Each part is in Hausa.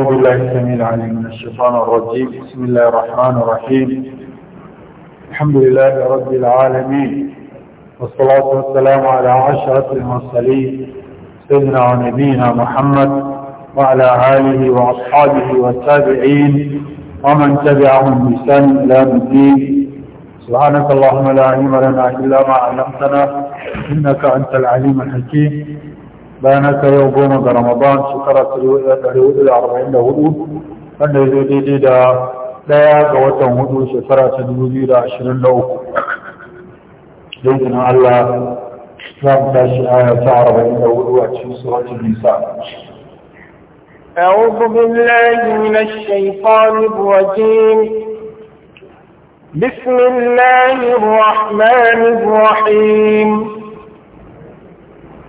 أعوذ بالله السميع العليم من الشيطان الرجيم بسم الله الرحمن الرحيم الحمد لله رب العالمين والصلاة والسلام على عشرة المرسلين سيدنا ونبينا محمد وعلى آله وأصحابه والتابعين ومن تبعهم بإحسان إلى الدين سبحانك اللهم لا علم لنا إلا ما علمتنا إنك أنت العليم الحكيم بيان هكا يو رمضان شكرا تريو إلي وإلي أربعين لهدود فأنا إذا جديد لا قوتا هدود شكرا تريو إلي عشرين لهدود لذن على إسلام تاشي آية تعرف إلي وإلي سورة النساء أعوذ بالله من الشيطان الرجيم بسم الله الرحمن الرحيم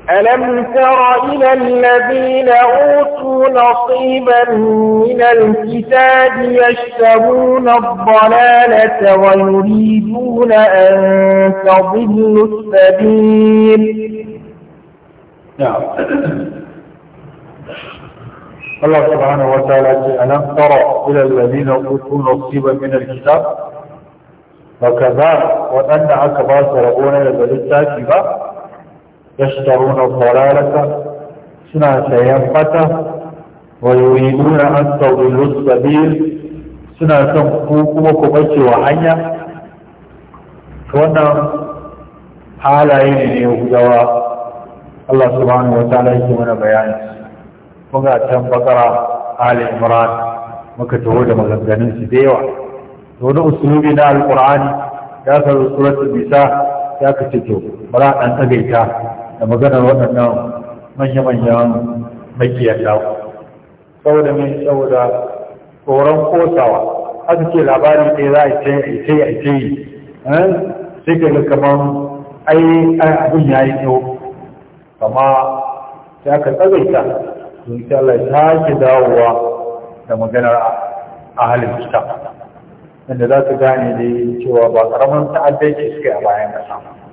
ألم تر إلى الذين أوتوا نصيبا من الكتاب يشتبون الضلالة ويريدون أن تضلوا السبيل نعم الله سبحانه وتعالى ألم تر إلى الذين أوتوا نصيبا من الكتاب وكذا وأن أكبر سرقون للتاكبة يشترون الضلالة سنة سينبتة ويريدون أن تضلوا السبيل سنة تنفوكم وكبتي وحنيا فوانا halaye ne yahudawa Allah subhanahu wa ta'ala yake mana bayani muka can bakara ali muka taho da da yawa to da na alqur'ani ya ka nisa ya ka ce to bara dan tagaita da maganar waɗannan manya-manyan Sau da mai da tsoron kosawa An ce labari ɗaya za a ce a ce a ce yi eh? sai ka ga kamar ai abin ya yi kyau, kama sai aka tsagaita don Allah ta ke dawowa da maganar ahalin kitab inda za su gane da cewa ba karamin ta'addai ce suke a bayan kasa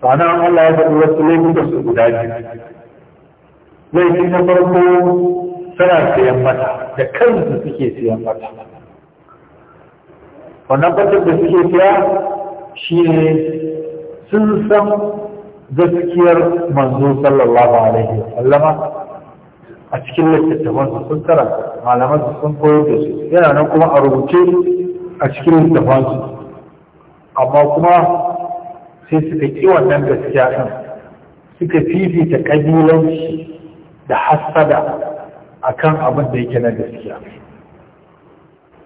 Sana Allah ya faɗi wasu laifuka su guda biyu. Laifi na farko suna siyan mata, da kansu suke siyan mata. Wannan fatar da suke siya shi ne sun san gaskiyar manzo sallallahu alaihi wa sallama a cikin littattafan su sun karanta malaman su sun koyo da su yana nan kuma a rubuce a cikin littattafan su amma kuma sai suka ƙi wannan gaskiya kan suka fifita ƙabilanci da hassada akan abin da yake na gaskiya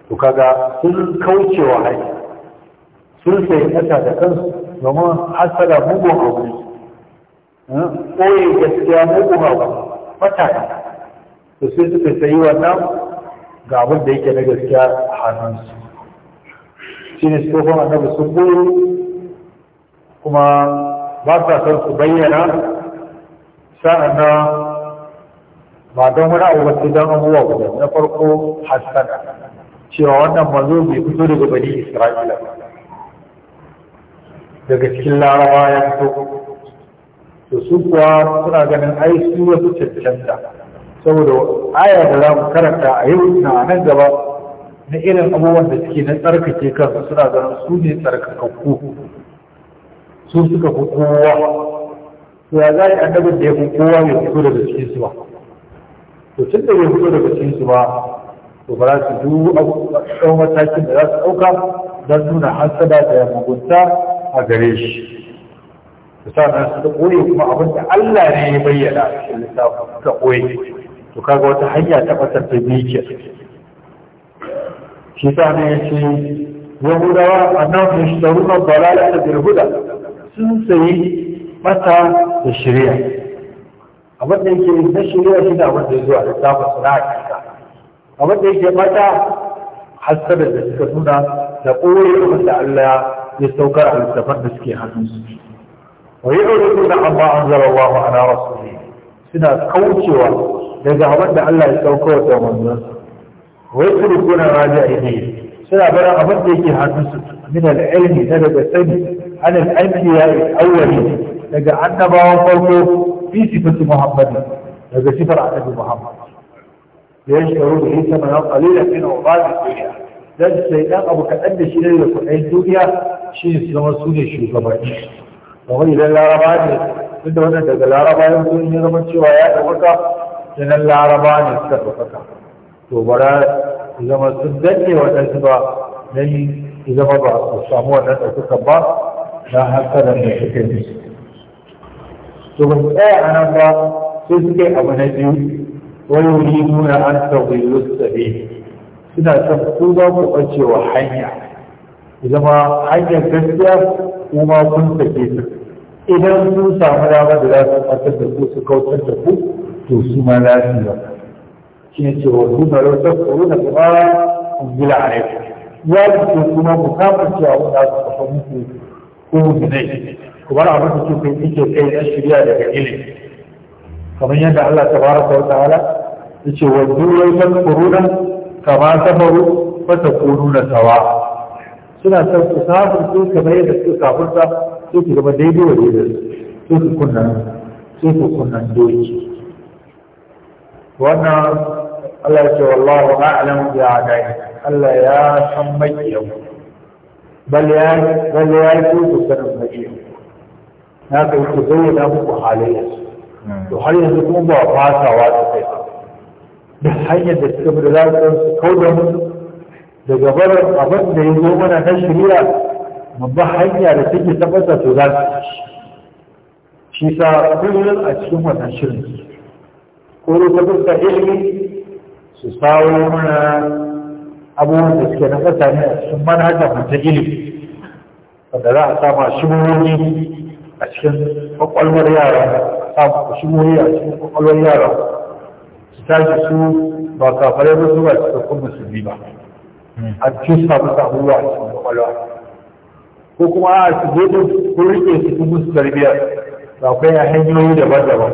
to kaga sun kaucewa haƙi sun sai ƙasa da kansu domin hassada mugun abu koyi hmm? gaskiya mugun abu mataka to sai suka sayi wannan ga abin da yake na gaskiya a hannunsu shi ne su annabi sun goyi kuma ba sa son su bayyana sa'an na ba don wani abu wasu don abubuwa guda na farko Hassan. cewa wannan manzo bai fito daga bari isra'ila daga cikin larawa ya fito Da su kuwa suna ganin ai su wasu cancanta saboda aya da za mu karanta a yau na nan gaba na irin abubuwan da suke na tsarkake kansu suna ganin su ne tsarkakakku su suka fi kowa to ya zai annabin da ya fi kowa ya fito daga cikin su ba to tun da ya fito daga cikin su ba to ba za su duk matakin da za su ɗauka don nuna hasada da mugunta a gare shi sa na su koyi kuma abin da Allah ne ya bayyana a littafin suka koyi to kaga wata hanya ta ɓatar da biyu shi sa ne ya ce yahudawa annabi shi da runar balala da birhuda sun sayi mata da shirya abin da yake na shirya shi da abin da ya zuwa da samun suna a kanta abin da yake mata hasabar da suka nuna da ɓoye abin da Allah ya saukar a littafan da suke hannunsu wa yi ɗaure nuna amma an zara wa ma'ana rasu ne suna kaucewa daga abin da Allah ya saukar da manzansa wai su rukuna raja ne suna bara abin da yake hannunsu min al'ilmi na daga sani أنا الأنبياء الأولي لقى عنا ما وفرته في سفة محمد لقى سفر عن أبي محمد ليش يقول لي إيسا من قليلة من أوضاع الدنيا ذات السيدان أبو كأن شيء يكون أي الدنيا شيء يسلم السوني شيء كمان وهو إلى العربان من دون ذلك العربان يقول لي رمان شوية وكا لأن العربان يستر وكا تو بڑا إذا ما سندني وأنا سبا نهي إذا ما بعض الصحوة نتأكد كبار ان ويريدون أن تضلوا السبيل إذا تفقد مؤج وحيا إذا ما حيا كسر وما كنت كيف إذا سوسا ملا مدلا تتدفو سكو تتدفو توسو ملا سيلا كين تقولوا ملا تفقدون بما أنزل عليك يالك تقولوا مكامل جاءوا ناس تفهمون ko zai kuma abin da kuke yake kai na shirya daga ilimi kamar yadda Allah ta fara tabaraka wa ta'ala yace wa duwai kan kuruna kama safaru fa takununa sawa suna son su kafin su kamar yadda su kafin sa su ki gaba daidai wa daidai su ki kunnan su ki kunnan doki wannan Allah ya ce wallahu a'lam ya a'dai Allah ya san mai yau بل يعني بل يعني كنت سبب هجيم هذا الخزي لا بد حاليا وحاليا تكون ضعفات واجبة بحية السبر لا تكون نعم. لجبر أبد ليومنا تشريع من ضحية لتجي تبدأ تدار شيسا كل أشيما تشريع كل تبدأ إلي سساوي منا abubuwan da suke na ƙasa ne a cikin manhajar ta ilimi wanda za a sama shigohi a cikin kwakwalwar yara a samu shigohi a cikin kwakwalwar yara su tashi su ba kafare ba su ba su kakun musulmi ba a cikin samu samuwa a cikin kwakwalwa ko kuma a su zoɗin ko rike su kun musu tarbiyya akwai hanyoyi daban-daban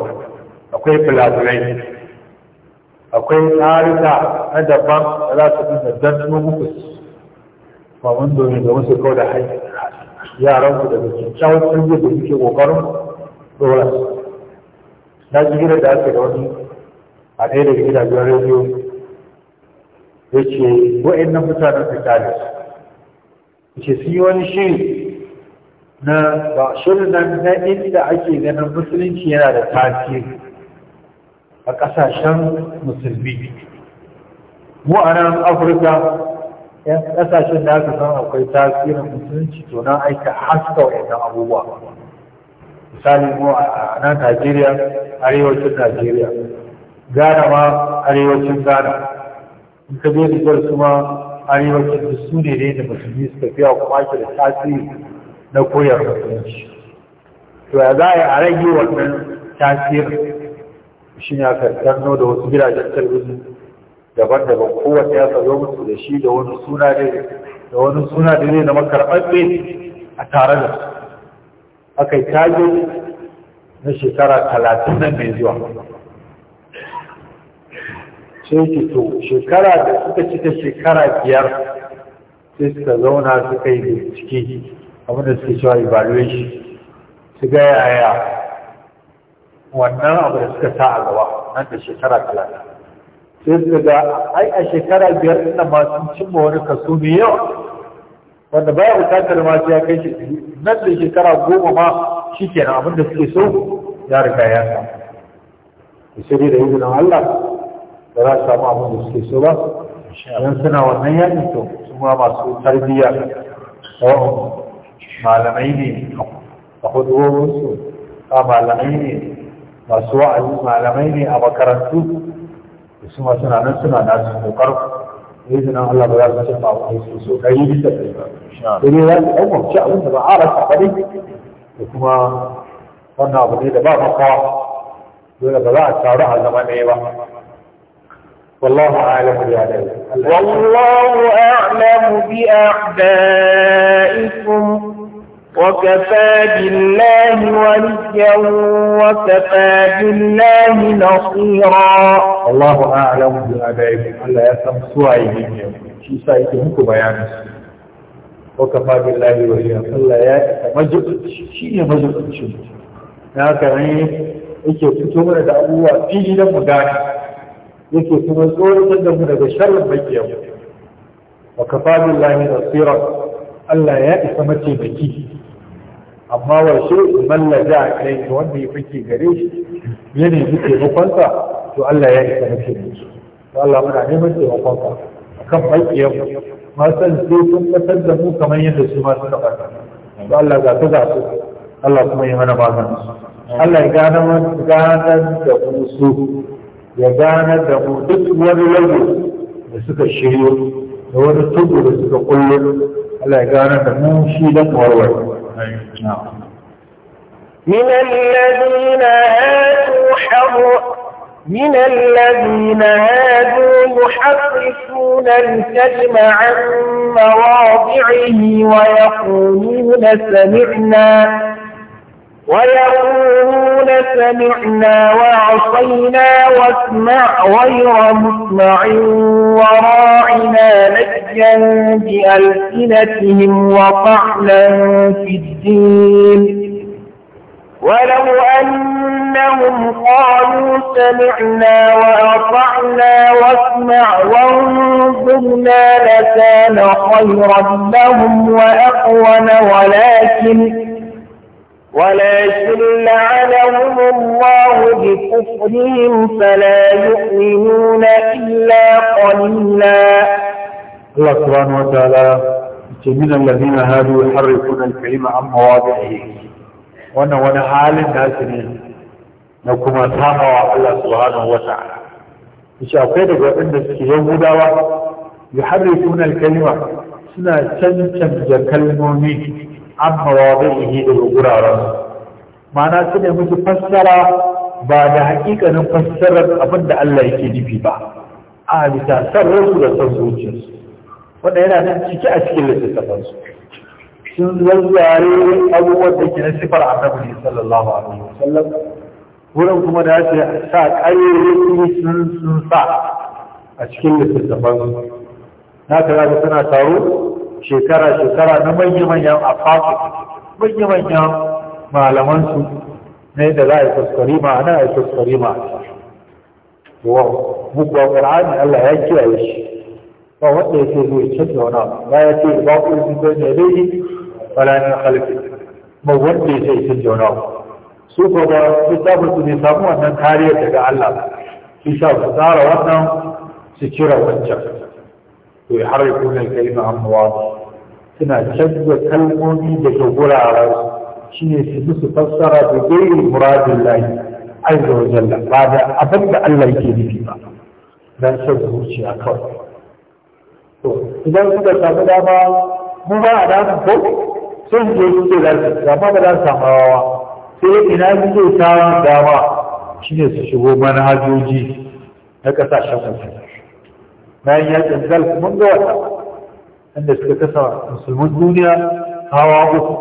akwai filafirai akwai tsarika na daban da za su dinga zanto muku mun domin domin su ko da hanyar yaran ku daga kyakkyawan turbi da suke kokarin dora na ji da ake da wani a ɗaya daga gidajen rediyo ya ce wa'annan mutanen su kyale su ce sun yi wani shiri na ba shirin nan na inda ake ganin musulunci yana da tasiri a ƙasashen musulmi mu a nan afirka yan ƙasashen da aka san akwai tasirin musulunci to na aika haska wa'annan abubuwa misali mu a nan najeriya arewacin najeriya ghana ma arewacin ghana in ka je su ma arewacin da su ne da musulmi suka fiya kuma da tasiri na koyar musulunci to ya za a rage wannan tasirin shi ne aka da wasu gidajen talibin daban-daban kowace ya tsaro musu da shi da wani suna da wani suna da zai zama karɓaɓɓe a tare da su aka yi tage na shekara talatin nan mai zuwa sai ke to shekara da suka cika shekara biyar sai suka zauna suka yi bincike abinda suke cewa evaluation su a yaya wannan abu da suka sa a gaba nan da shekara talata sai su ga ai a shekara biyar ina masu cimma wani kaso mai yawa wanda baya bukatar ma ya kai shi nan da shekara goma ma shi kenan abin da suke so ya riga ya samu sai da izinin Allah ba za su samu abin da suke so ba don suna wannan yakin to su ma masu tarbiyya malamai ne a hudu su a malamai ne masu wa'azi malamai ne a makarantu su ma suna nan suna nasu kokar izinin Allah ba za su ci babu aiki so ɗari bisa ɗari ba sai dai za su ɗan wamce abin da ba a rasa ba da kuma wannan abu ne da ba makawa dole ba za a taru a zama ɗaya ba والله أعلم بأعدائكم والله أعلم بأعدائكم وكفى بالله وليا وكفى بالله نصيرا الله أعلم بأدائكم ألا يسلم سوى أيديهم شيء سايكم وكفى بالله وليا الله يا شيء مجد شيء haka ne yake fito mana da abubuwa fili na mu gane yake kuma tsoron da mu daga sharrin bakiya wa kafa billahi nasira Allah ya isa mace baki amma washe mallaja a kai wanda ya fake gare shi ya nemi taimakonsa to Allah ya isa mace da shi to Allah muna neman taimakonsa a kan bakiyar san sai sun fatar da mu kamar yadda su ma suka fata to Allah ga ta zasu Allah kuma ya mana magana Allah ya gane ganar da mu su ya gane da mu duk wani lagu da suka shiryo da wani tudu da suka kullu Allah ya gane da mu shi don warware نعم. من الذين هادوا حر من الذين هادوا يحرفون الكلم عن مواضعه ويقولون سمعنا ويقولون سمعنا وعصينا واسمع غير مسمع وراعنا لجا بألسنتهم وطعنا في الدين ولو أنهم قالوا سمعنا وأطعنا واسمع وانظرنا لكان خيرا لهم وأقوم ولكن ولكن لعنهم الله بكفرهم فلا يؤمنون إلا قليلا الله سبحانه وتعالى من الذين هادوا يحرفون الكلمة عن مواضعه وانا وانا حال الناس نكما ساموا الله سبحانه وتعالى إيش أقول لك أن السيوم يحرفون الكلمة سنة تنتم كلمة an mawaɗihi daga guraren ma'ana su ne musu fassara ba da hakikanin fassarar abin da Allah yake nufi ba a bisa sarrafu da son zuciyarsu wanda yana nan ciki a cikin littattafansu sun zazzare abubuwan da ke na sifar annabi ne sallallahu alaihi wa sallam. wurin kuma da ya sa ƙarfi sun sun sa a cikin littattafansu na ta suna taro shekara-shekara na manya-manyan a afafi manya-manyan malamansu na yadda za a yi kuskurima ma nan yi yi ma wa mugba ƙar'ani Allah ya kiyaye shi ba wanda ya ce zai canza wani ba ya ce ba ku yi zai ne dai daidai balanin halittu ba wanda ya ce yi canza wani su ko ba su tafi su ne samu wannan kariyar daga Allah su sha su tsara wannan su cire wancan to ya ويحركون الكلمة عن مواضعه suna canza kalmomi daga wuraren shi ne su bi su fassara da gairi muradin lahi azza wa jalla ba da abin da Allah yake nufi ba dan son zuciya kawai to idan suka samu dama mu ba a dama ko sun je su ce da su dama da za su samu rawa sai ina suke samun dama shi ne su shigo manhajoji na ƙasashen wasu bayan yakin zal mun ga wata inda suka kasa musulmin duniya hawa uku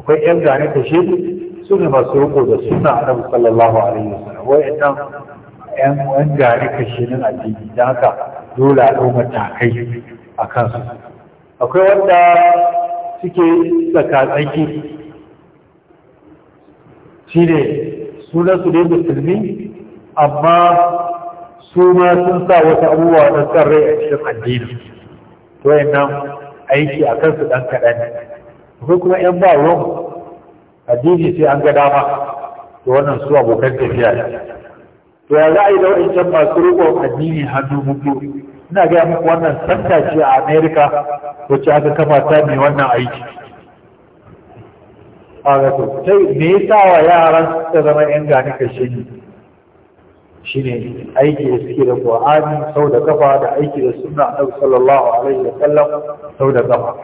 akwai yan gane kashe shi su ne masu riƙo da suna annabi sallallahu alaihi wasallam wa'annan yan yan gane ta shi nan addini dan haka dole a ɗau matakai a kansu akwai wanda suke tsakatsaki shi ne sunansu ne musulmi amma su ma sun sa wasu abubuwa na tsarrai a cikin addini to nan aiki a kansu ɗan kaɗan ko kuma ‘yan ba ruwan addini sai an ga dama to wannan su abokan tafiya to ya za a yi da wa'ancan masu riƙon addini hannu mutu ina gaya muku wannan santa ce a amerika wacce aka kafa ta mai wannan aiki a ga to me yasa wa yaran suka zama ‘yan gani kashe ne ne aiki da suke da Qur'ani sau da kafa da aiki da sunna Annabi sallallahu alaihi wa sallam sau da kafa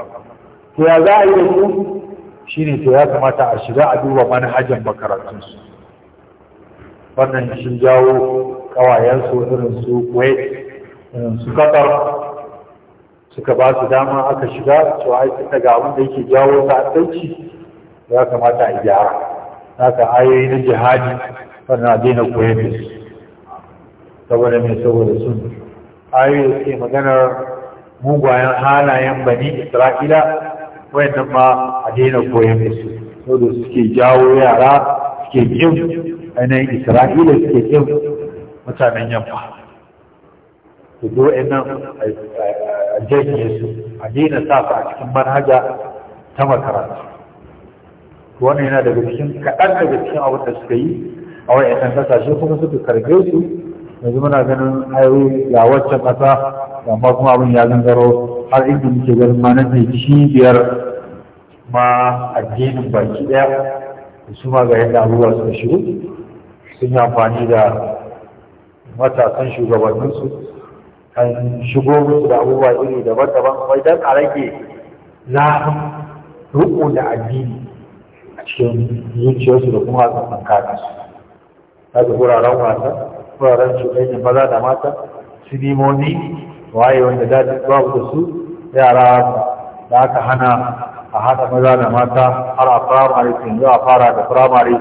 to ya za a yi da su ne to ya kamata a shiga a duba manhajan makarantun su wannan shi jawo kawayen su irin su Kuwait irin su Qatar suka ba su dama aka shiga to ai suka ga abin da yake jawo ta'addanci ya kamata a gyara haka ayoyi na jihadi wannan a daina koyar da su saboda mai saboda sun ayoyi suke maganar mugayen halayen bani isra'ila wayannan ma a daina koyon da su saboda suke jawo yara suke kin ainihin isra'ila suke kin mutanen yamma su zo nan a janye su a daina sa a cikin manhaja ta makaranta wannan yana daga cikin kaɗan daga cikin abin da suka yi a wayannan kasashe kuma suka karbe su yanzu muna ganin ayoyi ga wacce ƙasa amma kuma abin ya gangaro har inda muke ganin ma nan ne cibiyar ma addinin baki da su ma ga yadda abubuwa sun shigo sun yi amfani da matasan shugabanninsu kan shigo musu da abubuwa iri daban-daban wai dan a rage zafin riko da addini a cikin zuciyarsu da kuma a tsakan su. Ta wuraren wasa wuraren cuɗanyar maza da mata sinimoni waye wanda da duk babu da su yara da aka hana a haɗa maza da mata har a firamare yanzu a fara da firamare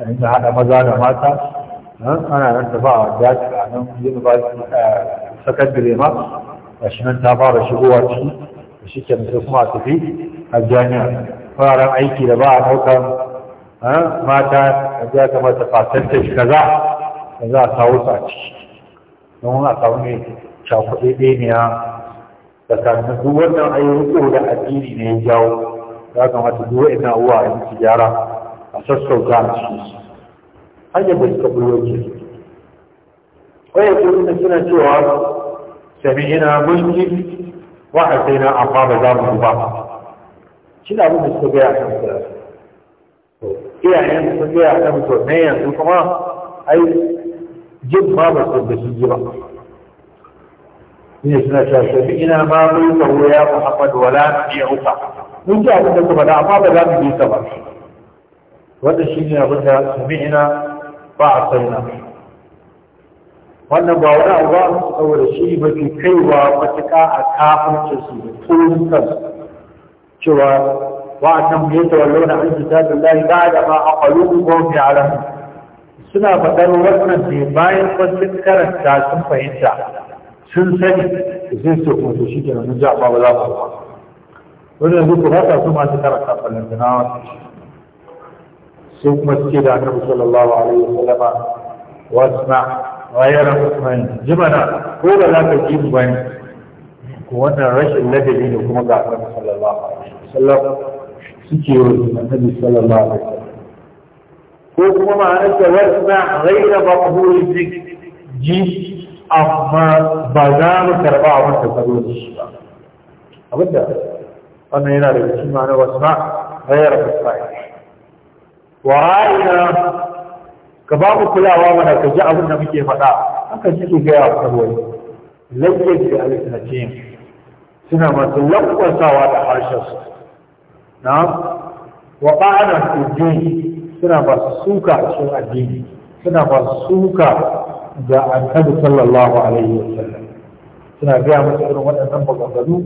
a inda haɗa maza da mata ana nan tafa a daji a nan su a sakandare ma a shi nan ta fara shigowa ciki da shi ke mutu kuma a tafi a jami'a fararen aiki da ba a ɗaukar eh, mata a jiya kamar ta fasantar kaza da za a kawo su a don a kawo ne cakuɗe ɗaya tsakanin duk wannan ayyuko da addini ne ya jawo ya kamata duk wa'ina uwa a yanki gyara a za a cikin su hanyar da suka buru ke ƙwayar da suna cewa sami ina mulki wa na amma ba za mu ba shi na abin da suka gaya a kan iyayen sun gaya a kan to ne yanzu kuma ai جد ما بس بسجرة ne suna shashafi ina ma bai tsaro ya muhammad wala ya uka mun ji abin da kuma da amma ba za mu bi ta ba wanda shi ne abin da sami'ina ba a saina wannan ba wani abu ba saboda shi ba ke kaiwa matuƙa a kafin su da turin kan cewa wa'annan mu yadda wallo na an jita da lahi ba da ma a ƙwayo ko fi alamu suna faɗar wannan ne bayan sun karanta sun fahimta sun sani zai ce kuma shi ke nan ja ba za ba ba wani yanzu ku rasa su masu karanta falantana su kuma suke da annabi sallallahu alaihi wasallama wasna ghayra usman jimana ko da za ka ji bane ko wannan rashin ladabi ne kuma ga annabi sallallahu alaihi wasallam suke yi annabi sallallahu alaihi wasallam ko kuma ma'anar da wasna raina maqbul zik ji amma ba za mu karɓa a wanda karo da shi ba abinda wannan yana da cikin ma'anar wasna rayar da fasai wa ra'ina ka ba mu kulawa mana ka ji abin da muke faɗa haka suke gaya wa karwai lafiyar da alisanatin suna masu lankwasawa da harshen su na wa ba'ana su suna masu suka a cikin addini suna masu suka ga annabi sallallahu alaihi wasallam suna gaya masa irin waɗannan maganganu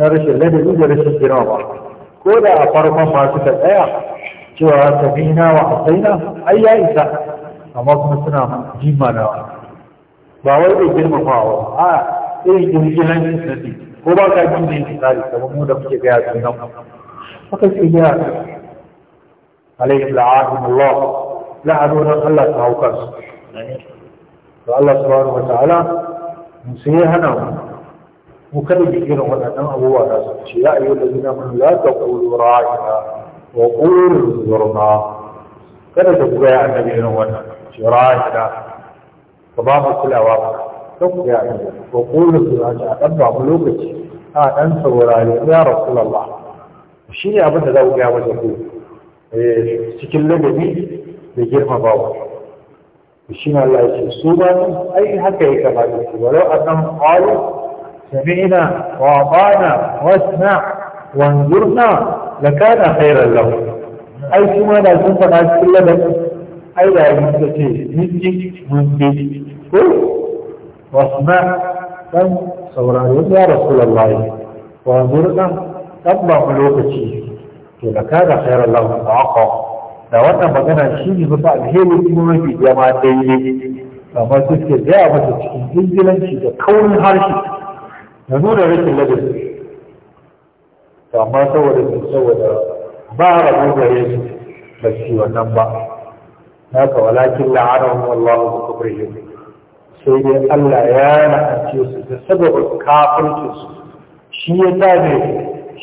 na rashin ladabi da rashin girma ko da a farkon ma suka tsaya cewa sabina wa asaina ai ya isa amma kuma suna na. ba wai da girmamawa a irin girgilan nabi ko ba ka jin da yin tsari kamar mu da muke gaya sunan haka sai ya عليهم لعاهم الله لعنونا الله تعالى وكرس فالله سبحانه وتعالى نسيها نوم وكل كينا من أنه هو ناس يا أيها الذين من لا تقولوا راعنا وقولوا انظرنا كنا تقول يا النبي نوانا راعنا فبابا كل أواقع تقول يا النبي وقولوا انظرنا أبا ملوكتي آه، أنا أنسى ورائي يا رسول الله وشيني أبدا ذاوك يا وجهه Eh, cikin ladabi da girmamawa shi ne Allah ya ce su ba ai haka ya da su walau kan qalu sami'na wa ata'na wasna wanzurna lakana khairan lahum ai kuma da sun faɗa cikin ladabi ai da yin ta ce mun ji mun ji ko wasna dan saurari ya rasulullahi wanzurna tabba lokaci to da kada sayar Allah ta ta'aqa da wannan magana shi ne ba alheri kuma mafi jama daidai amma suke gaya masa cikin ingilanci da kaurin harshe da nuna rashin ladabi to amma saboda saboda ba rabu gare su ba su wannan ba haka walakin la'anahum Allah bi kufrihim sai dai Allah ya la'ance su da sababin kafircin shi ya sa ne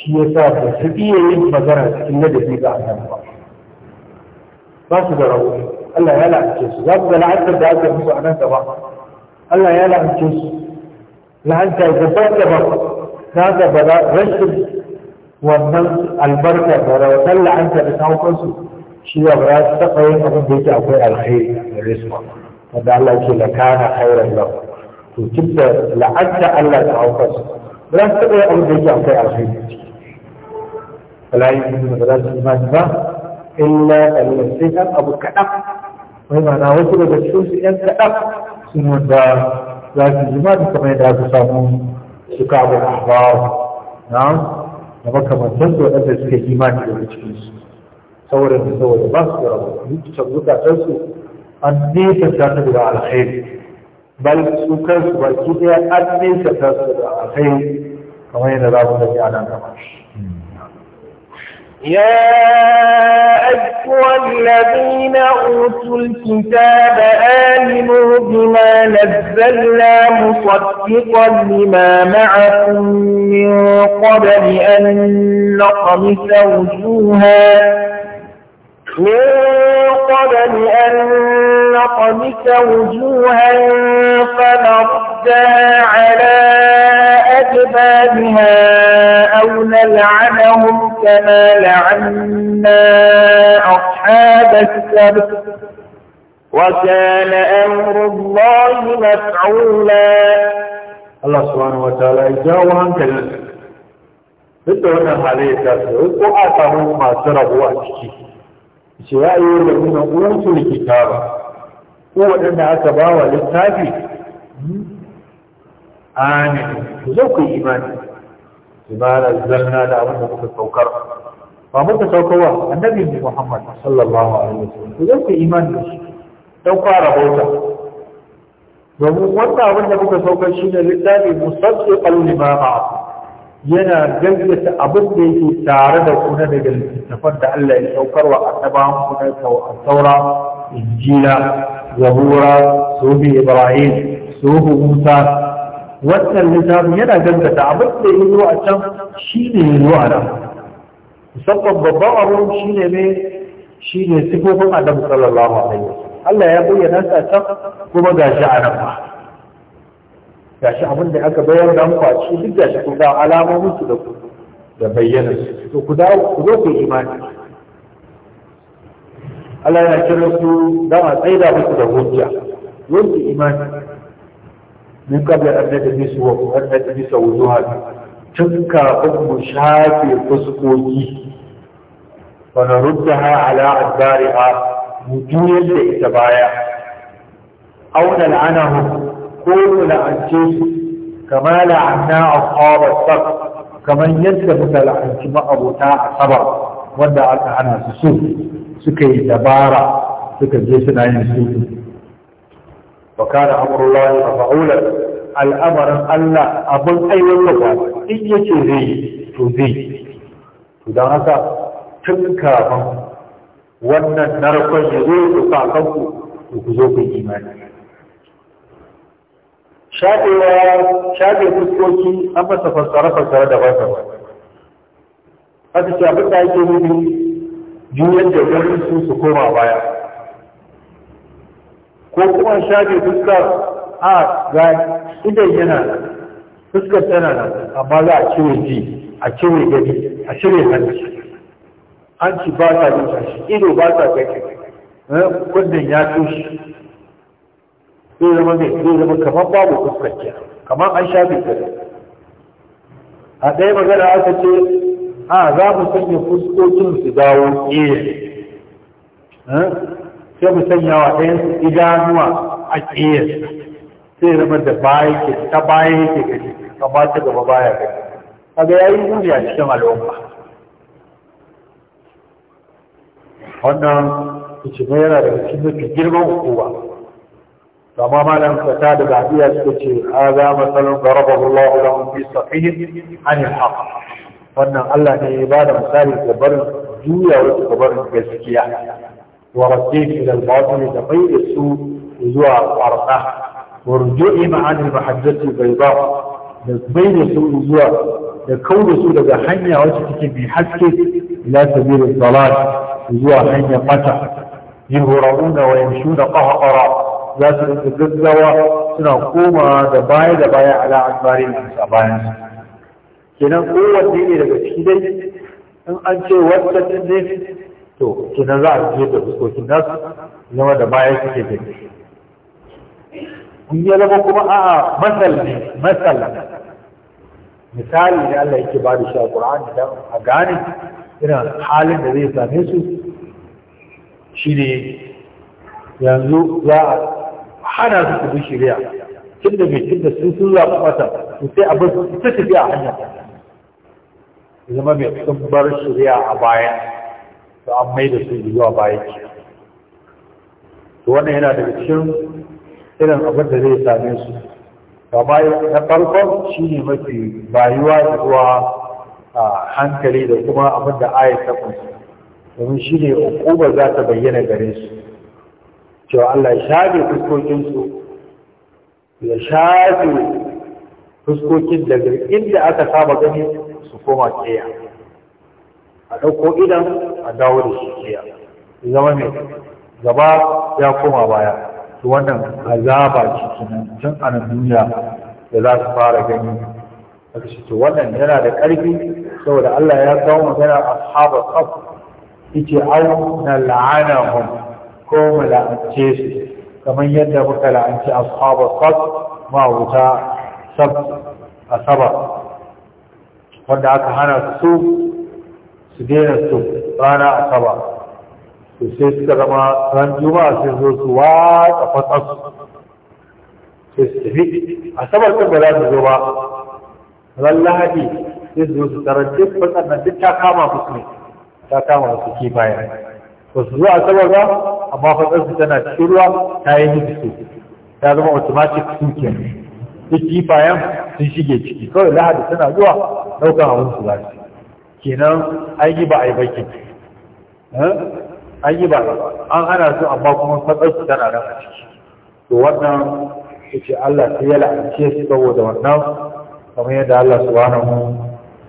shi ya sa ba su iya yin magana cikin ladabi ga annabi ba ba su da rawo Allah ya la'ance su za ku ga la'antar da aka musu a nan gaba Allah ya la'ance su la'anta gaba gaba ta gaba rashin wannan albarka da rawatan la'anta da kawukansu shi ya ba su taɓa yin abin da yake akwai alkhairi da risma wanda Allah ke la kana khairan lahu to tunda la'anta Allah ta haukansu ba su taɓa yin abin da yake akwai alkhairi العلم من مدارس الإيمان ما إلا أن يسيها أبو كأف وهم أنا وصل بالشوس إن كأف سنون دا لكن الإيمان كما يدعك سامون سكع بالأحبار نعم نبكى ما تنسوا أبس كإيمان إلى بالشوس صورة بصورة بس يا رب يجب تبقى تنسوا أن نيسا تنسوا على الخير بل سكرت وكذا أن نيسا تنسوا على الخير كما ينرى بنا في أعلان رمش يا أيها الذين أوتوا الكتاب آمنوا بما نزلنا مصدقا لما معكم من قبل أن نقمس وجوها من قبل أن نطمس وجوها فنردها على أجبابها نلعنهم كما لعنا أصحاب السبت وكان أمر الله مفعولا الله سبحانه وتعالى إجاو عن كذلك بدو أن هذه الكاسرة وقعتهم ما سربوا أشكي إشياء الذين أوتوا الكتابة هو أن أتباوى للتابي آمين ذوك إيمانك بما نزلنا لأمنا منك التوكر فمنك توكوا النبي محمد صلى الله عليه وسلم فذلك إيمان بيش توكار بوتا وانت أمنا منك توكر شيئا للتالي مصدق لما معه ينا جلية أبن ديكي تعرض كنا نجل التفند ألا يتوكر وأتبعهم كنا يتوكر إنجيلا زبورا سوبي إبراهيم سوبي إبراهيم wannan littafin yana gaskata abin da ya zo a can shi ne ya zo a nan musamman babban abu shi ne ne shi ne sifofin annabi sallallahu alaihi wasallam Allah ya bayyana sa can kuma gashi a nan ba gashi abin da aka bayar da muku ci cikin duk gashi ku ga alamomin su da da bayyana su to ku dawo ku zo ku imani Allah ya kira su da a tsaida muku da hujja yanzu imani min qabla an nadbisu wa an nadbisa wujuhana tun kafin mu shafe fuskoki wa naruddaha ala adbariha mu juyar da ita baya aw nal'anahu ko mu la'ance su kama a ashabar sab kamar yadda muka la'anci ma'abota asabar wanda aka hana su su suka yi dabara suka je suna yin su wa kana amrullahi mafa'ulan al'amarin Allah abin aiwatarwa in yace zai to zai to dan haka tun kafin wannan narkon ya zo ku kakanku ku zo ku imani shafewa shafe fuskoki an masa fassara-fassara daban-daban ce ake da su koma baya ko kuma shafe fuskar a ga idan yana fuskar tana da amma za a cire ji a cire gani a cire hanci hanci ba ta rusa shi ido ba ta gani eh, kundin ya tushe zai zama mai zai zama kamar babu fuskar kenan kamar an shafe gani a ɗaya magana aka ce a za mu sanya fuskokin su dawo ƙiyar sai mu sanya wa ɗayan su idanuwa a ƙiyarsa sai zama da baya ke ta baya yake gani amma ta gaba baya gani kaga yayi gudu a cikin al'umma wannan kuma yana da cikin mafi girman hukuma kama malam fata da gafiya suka ce a za matsalin garabahu Allah lahum fi sahihin an yi haka wannan Allah ne ya ba da misali ga barin juya wasu ga barin gaskiya ورتيك إلى الباطل دقيق السوء وزوع الأرقاح ورجوعي عن المحجة البيضاء دقيق السوء وزوع دقول السوء لدى حنيا وجهتك بحسك إلى سبيل الضلال وزوع حنيا قتع يهرعون ويمشون قهقرا ذات الجزوة سنقوم دبايا دبايا على عدبارين أبايا كنا قوة ديني لك تحيدي أن أنت وقتت to kinan za a fiye da fuskokin nasu zama da baya suke da shi kungiyar zama kuma a'a a ne matsalin misali ne Allah yake ba da shi a Qur'ani a gane irin halin da zai same su Shi ne yanzu za a hana su su bi tun tunda mai tunda su sun zaɓi mata su sai abin su ta tafiya a hanyar zama mai sun bar a baya to an mai da su zuwa baya ke to wannan yana da cikin irin abin da zai same su bayan na farkon shi ne mafi bayuwa zuwa a hankali da kuma abin da ayat ta kunsa domin shi ne ukuba za ta bayyana gare su cewa Allah ya shafe fuskokinsu ya shafe fuskokin daga inda aka saba gani su koma ƙeya. a ɗauko idan a dawo da shi kiya zama mai gaba ya koma baya Su wannan azaba ce kenan tun a duniya da za su fara gani aka ce to wannan yana da ƙarfi saboda Allah ya kawo magana ashabu qaf yace au na la'anahum ko mu la'ance su kamar yadda muka la'anci ashabu qaf ma wuta sab asaba wanda aka hana su su daina su rana asaba su sai suka zama ran juma'a sai zo su wata fatsarsu sai su tafi asabar kan ba za su zo ba ran lahadi sai zo su tarar duk fatsar nan duk ta kama musu ne ta kama musu kifaya ba su zo asabar ba amma fatsarsu tana cikin ruwa ta yi nufi ta zama automatic su kenan duk bayan sun shige ciki kawai lahadi tana zuwa ɗaukar abin su za su kenan an yi ba a yi eh an yi ba an ana so amma kuma fatsar su tana nan a ciki to wannan ya Allah sai ya la'ance su saboda wannan kamar yadda Allah subhanahu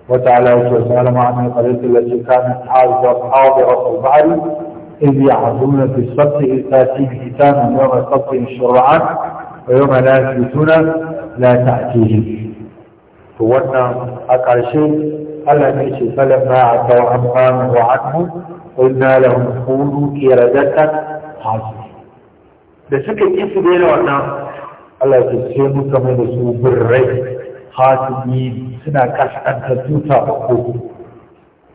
wa ta'ala ya ce salama an qalatil lati kana hawza hawza al-bahri إذ يعظون في الصبت إذ تأتيه كتاب يوم الصبت الشرعان ويوم لا يثبتون لا تأتيه فوانا أكارشين ألا نعيش فلما عتوا عما نهوا عنه قلنا لهم كونوا كردة خاسرين da suka ƙi su daina wannan Allah ya ce muka mai da su birrai hasidi suna kaskanta tuta ko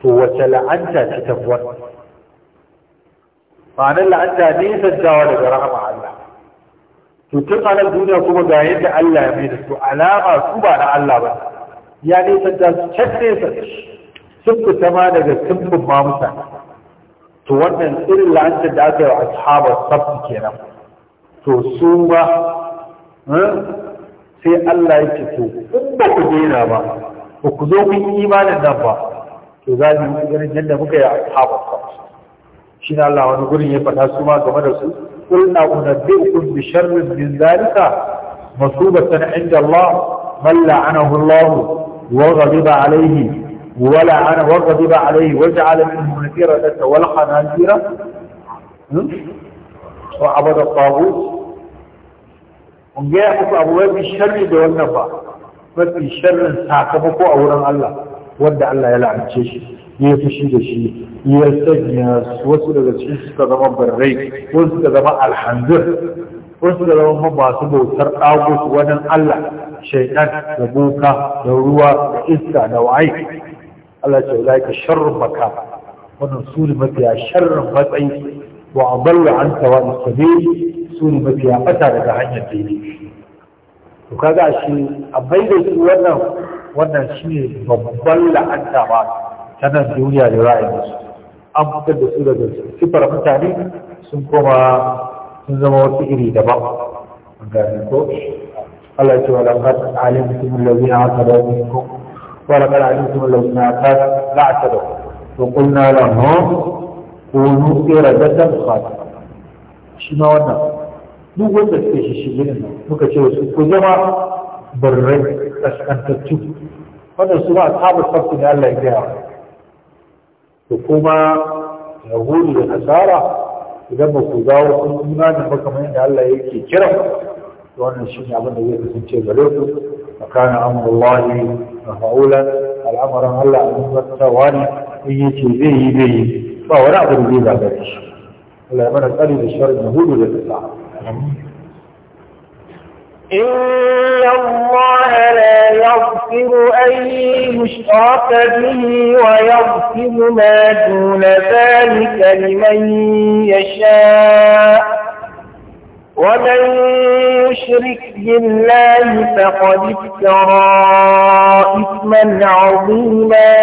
to wace la'anta ce ta kuwa ma'anar la'anta ne ya sajjawa daga rahama Allah to tun a duniya kuma ga yadda Allah ya mai da su alama su ba na Allah ba ya nesanta su can nesa sun fita ma daga simfin mamusa to wannan irin la'antar da aka yi wa ashabar sabbi kenan to su ba hmm, sai Allah ya ce to in ba ku daina ba ba ku zo kun imanin nan ba to za mu yi ganin yadda muka yi ashabar sabbi shi na Allah wani gurin ya faɗa su ma game da su bi قلنا أنبئكم بشر من ذلك مصوبة عند الله من لعنه الله وغضب عليه ولا انا وغضب عليه وجعل من المنكره والحناجره وعبد الطاغوت ونجاح ابو بكر الشر دونبا بس الشر ساكبكو اورن الله ودع الله يلا عمشيش يفشل دشي يلتجي ناس وصل الى شيش كذبا بالريك وصل الى الحنزر وصل الى مباسبه وصر الله shaitan da boka da ruwa da iska da wa'ai Allah ce wala ka sharrun wannan suri mafiya sharrin matsayi wa aballa an tawa sabili su ne mafiya fata daga hanyar dai to kaga shi a da shi wannan wannan shine babban la'anta ba ta nan duniya da ra'ayin su an fitar da su daga sifar mutane sun koma sun zama wasu iri daban gani ko الله يقول ولقد علمتم الذين اعتدوا منكم ولقد علمتم الذين اعتدوا وقلنا لهم كونوا قردة خاطئة شنو هذا؟ duk wanda suke shi shiginin nan muka ce su ku zama birrai kaskantattu wanda su ba tabar sabtu ne Allah ya gaya to kuma yahudu da nasara idan ba ku dawo kun imanin ba kamar yadda Allah yake kira وأن الشيء عبد الله يكون شيء غريب وكان أمر الله مفعولا الأمر هلا أن يبقى وأن يجي به به فهو لا أدري به بعد الشيء إلا من أسألي بالشر المهود للإطلاع إن الله لا يغفر أي يشرك به ويغفر ما دون ذلك لمن يشاء ومن يشرك بالله فقد افترى إثما عظيما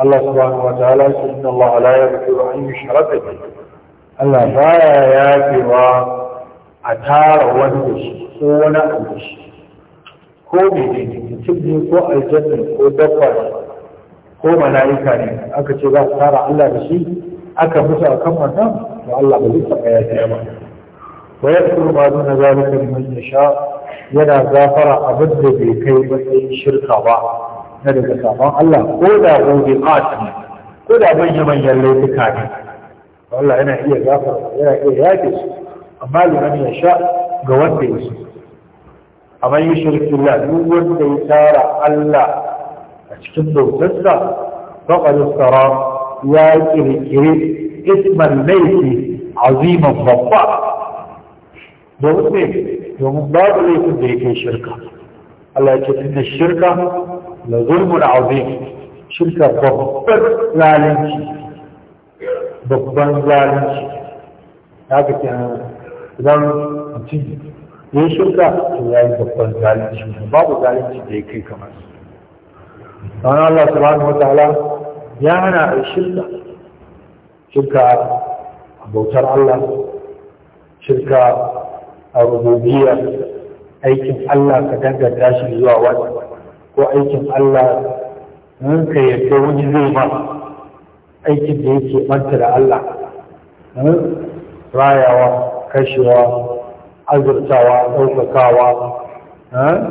الله سبحانه وتعالى إن الله لا يغفر أن يشرك به الله بايا يغفر أتار وندش سونا أندش ko menene mutum ne ko aljanna ko dabba ko mala'ika ne aka ce za su tara Allah da shi aka musu akan wannan to Allah ba zai taɓa yaƙi ba ويذكر ما دون ذلك لمن يشاء ينا زافر أبد بي كي بطي شركة با نرد سابا الله قودا قودي قاتم قودا من يمن يلي تكاني والله انا هي إيه زافر انا هي إيه يادس اما لمن يشاء قوات بيس اما يشرك الله يوم ديسار ألا اشتنه تسر فقد استرى يا كريم اسم الميت عظيم الضبط domin ne domin babu laifin da yake shirka Allah ya ce tunda shirka la zulmun azim shirka babban zalunci babban zalunci haka ke idan mutum ya shirka to ya yi babban zalunci babu zalunci da ya kai kamar su don Allah subhanahu ala, ya hana a shirka shirka a bautar Allah shirka a rububiyya aikin Allah ka danganta shi zuwa wani ko aikin Allah mun ka yarda wani zai ba aikin da yake manta da Allah Mun hmm, rayawa kashewa azurtawa ɗaukakawa hmm,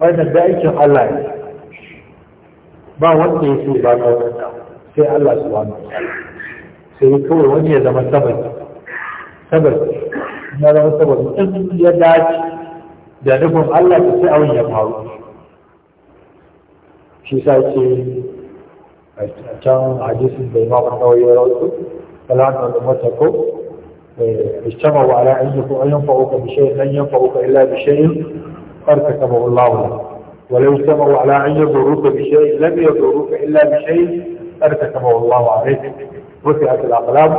wannan da aikin Allah ne ba wanda ya ce ba ka sai Allah subhanahu wa ta'ala sai kawai wani ya zama sabai sabai na zama saboda in ya dace da nufin Allah ta sai abin ya faru shi sa ce a can hadisin da imam an-nawawi ya rawaito falan da matako اجتمعوا على أن ينفعوك بشيء لن ينفعوك إلا بشيء قد كتبه الله لك ولو اجتمعوا على أن يضروك بشيء لم يضروك إلا بشيء قد كتبه الله عليك رفعت الأقلام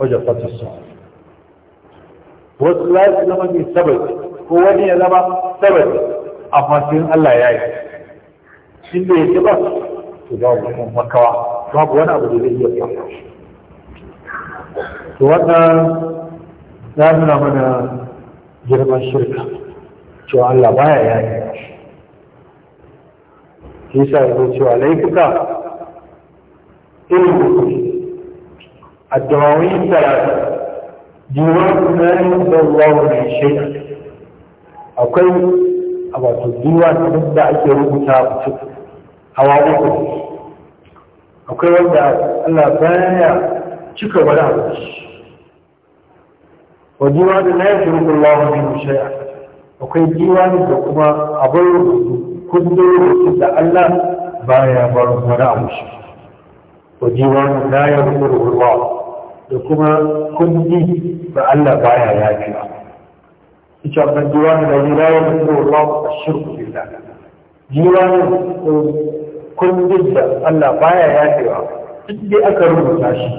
وجفت الصحف wasu za su zama mai sababi ko wani ya zama sababi a fasirin Allah ya yi shi da ya ba su ba mu makawa babu wani abu da zai iya faru to wannan ya nuna mana girman shirka cewa Allah baya ya yi shi sa ya zo cewa laifuka irin addawawi talata giwa na yi zauwa da shaida akwai a wato duk da ake rubuta mutum hawa uku akwai wanda Allah baya cika wani abu wa giwa da na yi zauwa da shaida akwai giwa da kuma abin rubutu kundin rubutu da Allah baya bar wani abu shi wa giwa na yi zauwa da kuma kundi da Allah baya yafiya ita ba jiwa ne da riwaya da Allah shirku ashirku billah diwani kundin da Allah baya yafewa duk dai aka rubuta shi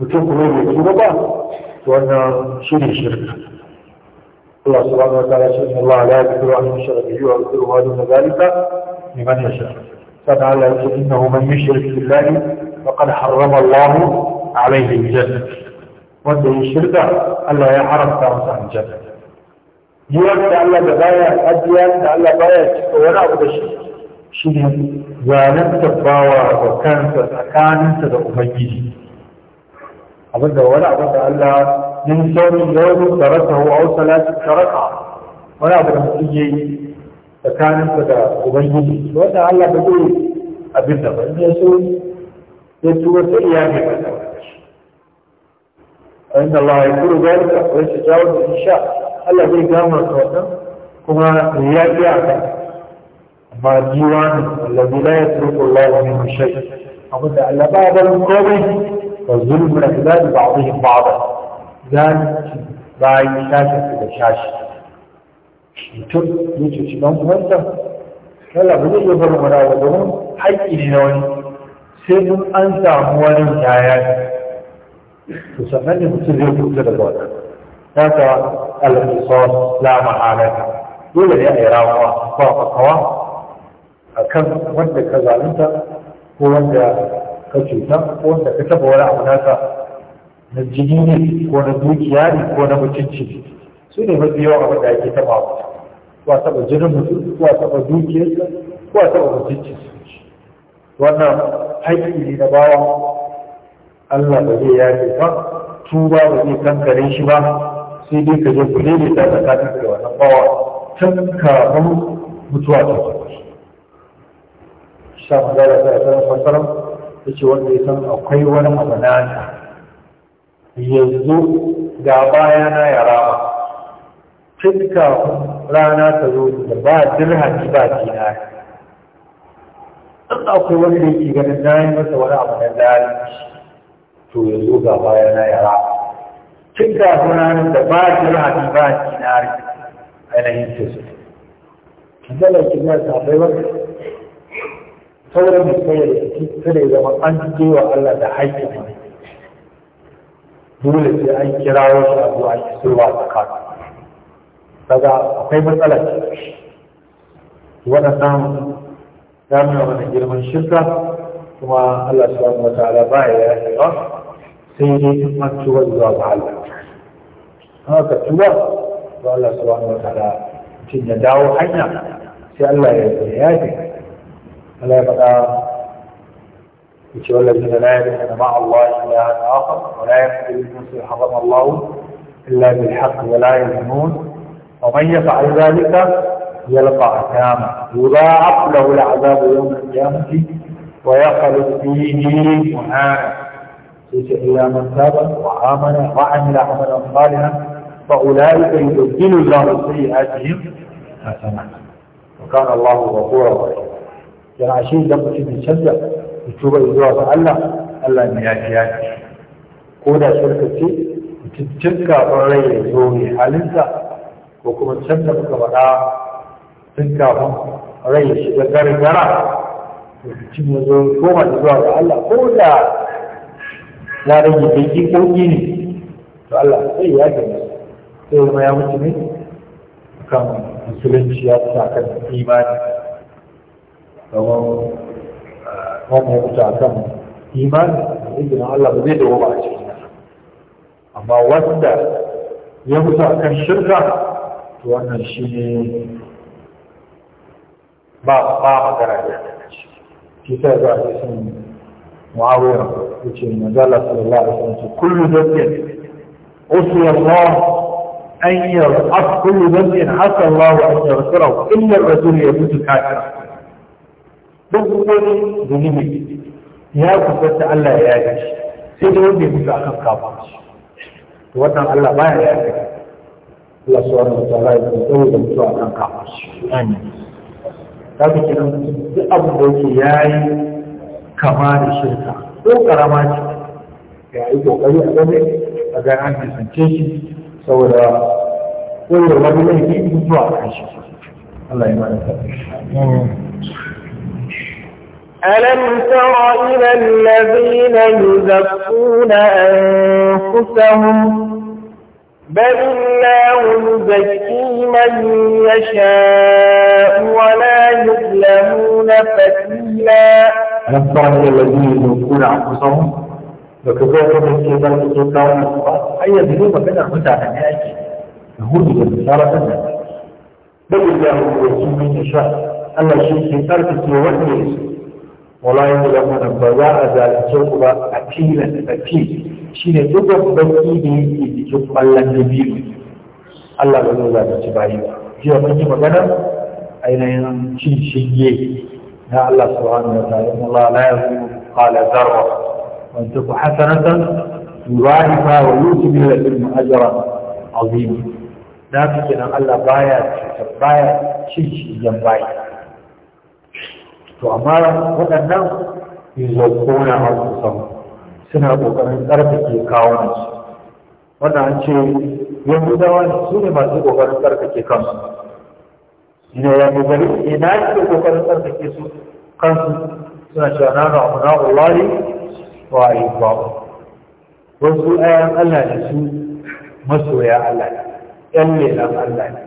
mutum kuma bai tuba ba to wannan shirin shirka Allah Allah subhanahu wa ta'ala shi الله سبحانه وتعالى سبحانه الله لا يذكر عن المشرك ويذكر ما دون ya لمن يشاء فتعالى انه من يشرك بالله فقد حرم الله alaihi aljanna wanda ya shirka Allah ya haramta masa aljanna yiwuwar da Allah da baya adiyar da Allah baya cika wani abu da shi shi ne zalunta bawa da kansa tsakaninsa da ubangiji da wani abin da Allah min sauri yawon da rasa au salatin taraka wani abu da mutum ya yi tsakaninsa da ubangiji wanda Allah ba zai abin da ba ya so ya tura sai ya mai فإن الله يقول ذلك ويتجاوز إن شاء الذي قام الصوت كما رياء أما الديوان الذي لا يترك الله منه شيء أمد على بعض المقابل والظلم الأكباد بعضهم بعضا ذلك باي شاشة إلى شاشة يتوب يتوب شبان وانت كلا بني zai iya bar إلي نوني سيد أنت أموالي جايات to sannan ne mutum zai kuɗa daga wannan haka al-qisas la mahala dole ne a yi rawa ba fakawa akan wanda ka zalunta ko wanda ka cuta ko wanda ka taba wani abu naka na jini ne ko na dukiya ne ko na mutunci su ne mafi yawan abin da ake taba mutum ko a taba jinin mutum ko a taba dukiyarsa ko a taba mutunci wannan haƙƙi ne na bawa Allah ba zai yafe ba, tuba ba zai kankare shi ba sai dai ka je ku da ta ta da wannan bawa tun kafin mutuwa ta ta sha da ta ta fasarar ta ce wanda ya san akwai wani abu na yanzu ga baya na yara tun kafin rana ta zo da ba dirhami ba dinari in akwai wanda yake ganin na yi masa wani abu na shi to ya zo ga baya na yara cin kafin da ba ki rahadi ba ki na ainihin ce su kazalar ki ba ta bai ba sauran musamman da ki kada ya zama an je wa Allah da haƙƙin ne dole sai an kirawo shi a zuwa ki sulwa tsakanin daga akwai matsalar waɗannan ya nuna mana girman shirka kuma Allah subhanahu wa ta'ala ba ya yi ba sai dai in على tuba zuwa ga Allah الله tuba ga Allah subhanahu wataala mutum ya dawo hanya sai Allah الذين لا يدعون مع الله إلا إلها آخر ولا يقتل النفس حرم الله إلا بالحق ولا يزنون ومن يفعل ذلك يلقى أثاما يضاعف له العذاب يوم القيامة ويخلد فيه مهانا ليس الا من تاب وامن وعمل عملا صالحا فاولئك يبدل الله سيئاتهم حسنات وكان الله غفورا رحيما كان عشيه دم في الشدة يتوب إلى الله تعالى ألا أن يأتيك كودا شركة تتشكى فرعي زوري حالنسا وكما تشدى بكبرا تنكى فرعي رأي الشيطة داري جرى وتتشمى زوري كوما إلى الله تعالى كودا ya yi kai ikoki ne to Allah sai ya ga sai kuma ya mutu ne kan musulunci ya ta kan imani kamar ah, wanda ya mutu kan imani da Allah ba zai dawo ba a cikin amma wanda ya mutu kan shirka to wannan shi ne ba ba magana da shi kisa za a sun معاوية يقول المجالة صلى الله عليه وسلم كل ذنب أصي الله أن يرأف كل ذنب عسى الله أن يغفره إلا الرسول يموت كافرا بغض ذنبي يا كفت الله يا جيش سيدون يموت أخذ كافرش وطن الله ما يعرف الله سبحانه وتعالى يقول ya tsawo da mutuwa آمين kafa shi. Amin. Ta fi kama da shirka ko karama ce ya yi kokari a gane a ga an kasance shi saboda koyar wani laifi in zuwa kan shi Allah ya mana ألم تر إلى الذين يزكون أنفسهم بل الله يزكي من يشاء ولا يظلمون فتيلا ألم ترى إلى الذين يزكون أنفسهم وكفاية من كتاب الكتاب أي ذنوب كان أنفسها من أجل يهود النصارى تنزل بل الله يزكي من يشاء أن شيء في ترك التوبة ولا يظلمون بياء ذلك سوى أكيلا أكيلا شيء دوبك بكي دي جمع النبي الله يقول لك تبعيه جاء من يمكنه أين ينشي شيء يا الله سبحانه وتعالى ان الله لا يظلم قال ذره وان تك حسنه يضاعفها ويوصي بها العلم اجرا عظيما ذلك ان الله بايع بايع شيء جنب بايع to amma wadannan izo kona masu sama suna kokarin karfake kawunan su wadda an ce yanzu ina ya kokari ina ke kokarin tsarkake su kansu suna cewa na na wa a yi babu wasu ayan Allah ne su masoya Allah ne ƴan lelan Allah ne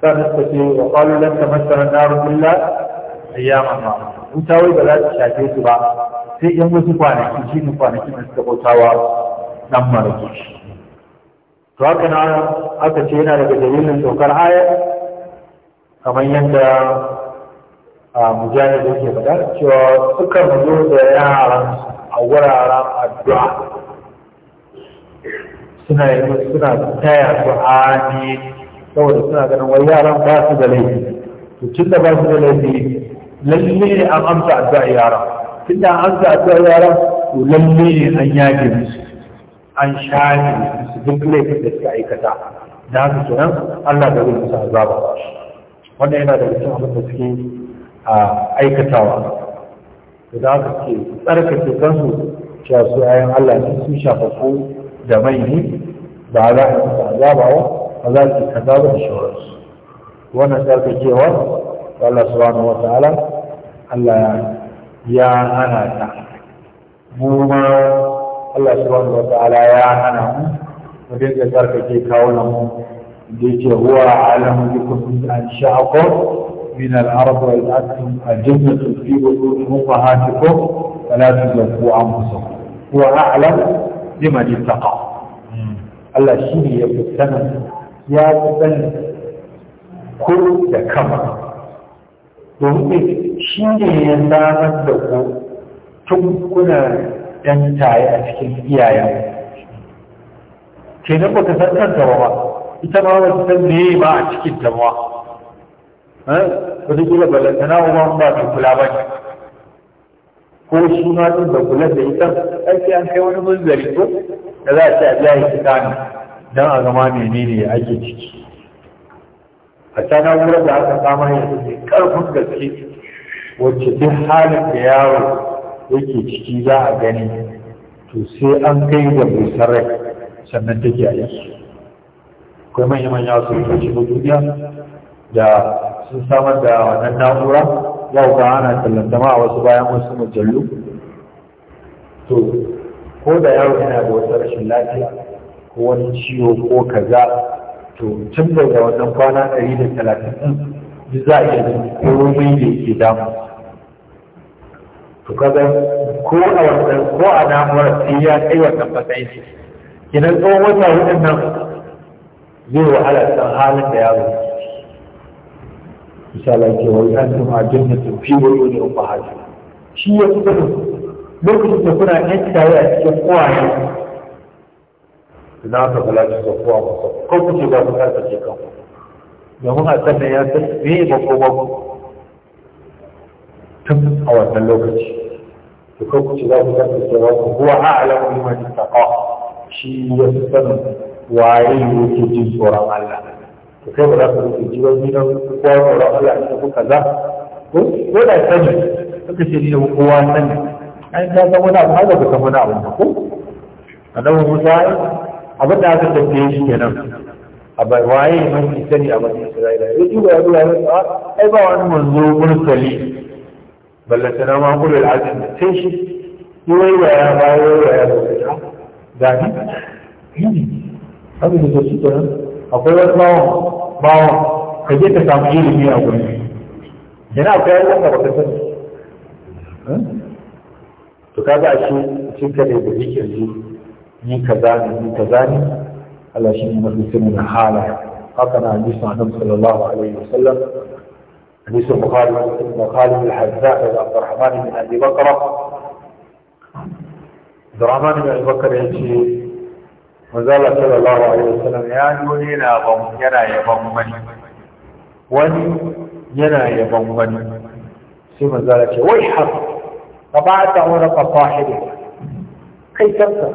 sannan suka ce wa qalu lan tamassana an-nar illa ayyaman ma'ruf wuta wai ba za ta shafe su ba sai 'yan wasu kwanaki shi ne kwanaki masu suka bautawa nan maraki to haka na aka ce yana daga dalilin saukar ayar kamar yadda da ke faɗa cewa sukan zo da yaran a wuraren addu'a suna yi suna taya su ani saboda suna ganin wani yaran ba su da laifi to tun da ba su da laifi lalle ne an amsa addu'a yaran tun da an amsa addu'a yaran to lalle ne an yage musu an shafe musu duk laifin da suka aikata da haka kenan Allah da zai musu azaba ba wanda yana da cikin abin da suke aikatawa da aka ce tsarkake kansu cewa su ayan Allah ne su shafafu da mai ne ba za a kusa azabawa ba za su kaza ba da shawararsu wannan tsarkakewa Allah subhanahu wa ala, Allah ya hana ta mu ma Allah subhanahu wa ta'ala ya hana mu mu dinga tsarkake kawunan mu yake huwa alamun yukun min an sha'aqo min al arab wal akhi ajnatu fi wujuhi mahatiqo fala tuzaku anfusa huwa a'lam bima yattaqa Allah shi ne ya fi sanin ya fi sanin da kama domin shi ne ya samar da ku tun kuna ɗan taye a cikin iyayen ke nan ba san kanka ba ita ma wata san me ba a cikin ta eh? ma wata kila balantana uwa ba ta kula ba ne ko shi ma din ba kula da ita aiki an kai wani munzari ko da za a ce a biya ya fita ne don a gama ne ake ciki a tana wurin da aka kama ya ce karfin gaske wacce duk halin da yaro yake ciki za a gani to sai an kai da busar sannan take aiki akwai manya-manya asibitoci na duniya da sun samar da wannan na'ura yau ba ana tallantama a wasu bayan wasu mujallu to ko da yaro yana da wata rashin lafiya ko wani ciwo ko kaza to tun daga wannan kwana ɗari da talatin ɗin duk za a iya jin komai da ke damu to kaga ko a wannan ko a na'urar sai ya kai wannan matsayin kinan tsawon wata hudun nan زي وحالة تنهالة يا رب مثالا يقول أنتم عجنة في وليون ربها جنة شي يكتب لو كنت تكون أنت يا تقوى تنافع لا تقوى مصر كم تجيب أبو كالبا تقوى يومنا تنى يا تسمي مقوى تم أولا لوكتي لكم تجيب أبو كالبا تقوى هو أعلم لمن التقاه شي يكتب waye yake jin tsoron Allah to kai ba za ka rufe ji wani nan kowa tsoron Allah ne ko kaza ko ko da sani ka ce ni da kowa sani ai ka ga wani abu haka ka wani abu ko annabi Musa abin da aka tafi shi kenan a bai waye mafi sani a mafi Isra'ila ya ji ba ya zuwa ya ai ba wani manzo mursali na ma kullu al'azim sai shi yi wai ya bayo ya zo da ni أبي تسيطة أقول لك ما هو ما هو خديت تعمل إيه مئة أقول لك هنا أقول لك أنا بقول لك تكاد أشي تلك اللي بديك يجي يكذاني يكذاني على شيء ما في سن الحالة أكن عندي صلى الله عليه وسلم حديث البخاري البخاري من الحذاء عبد الرحمن بن أبي بكر عبد الرحمن بن أبي بكر يجي manzala sallallahu alaihi wasallam ya zo na ban yana yaban wani wani yana yaban wani sai manzala ce wai har ka ba ta wani fasahibi kai kanka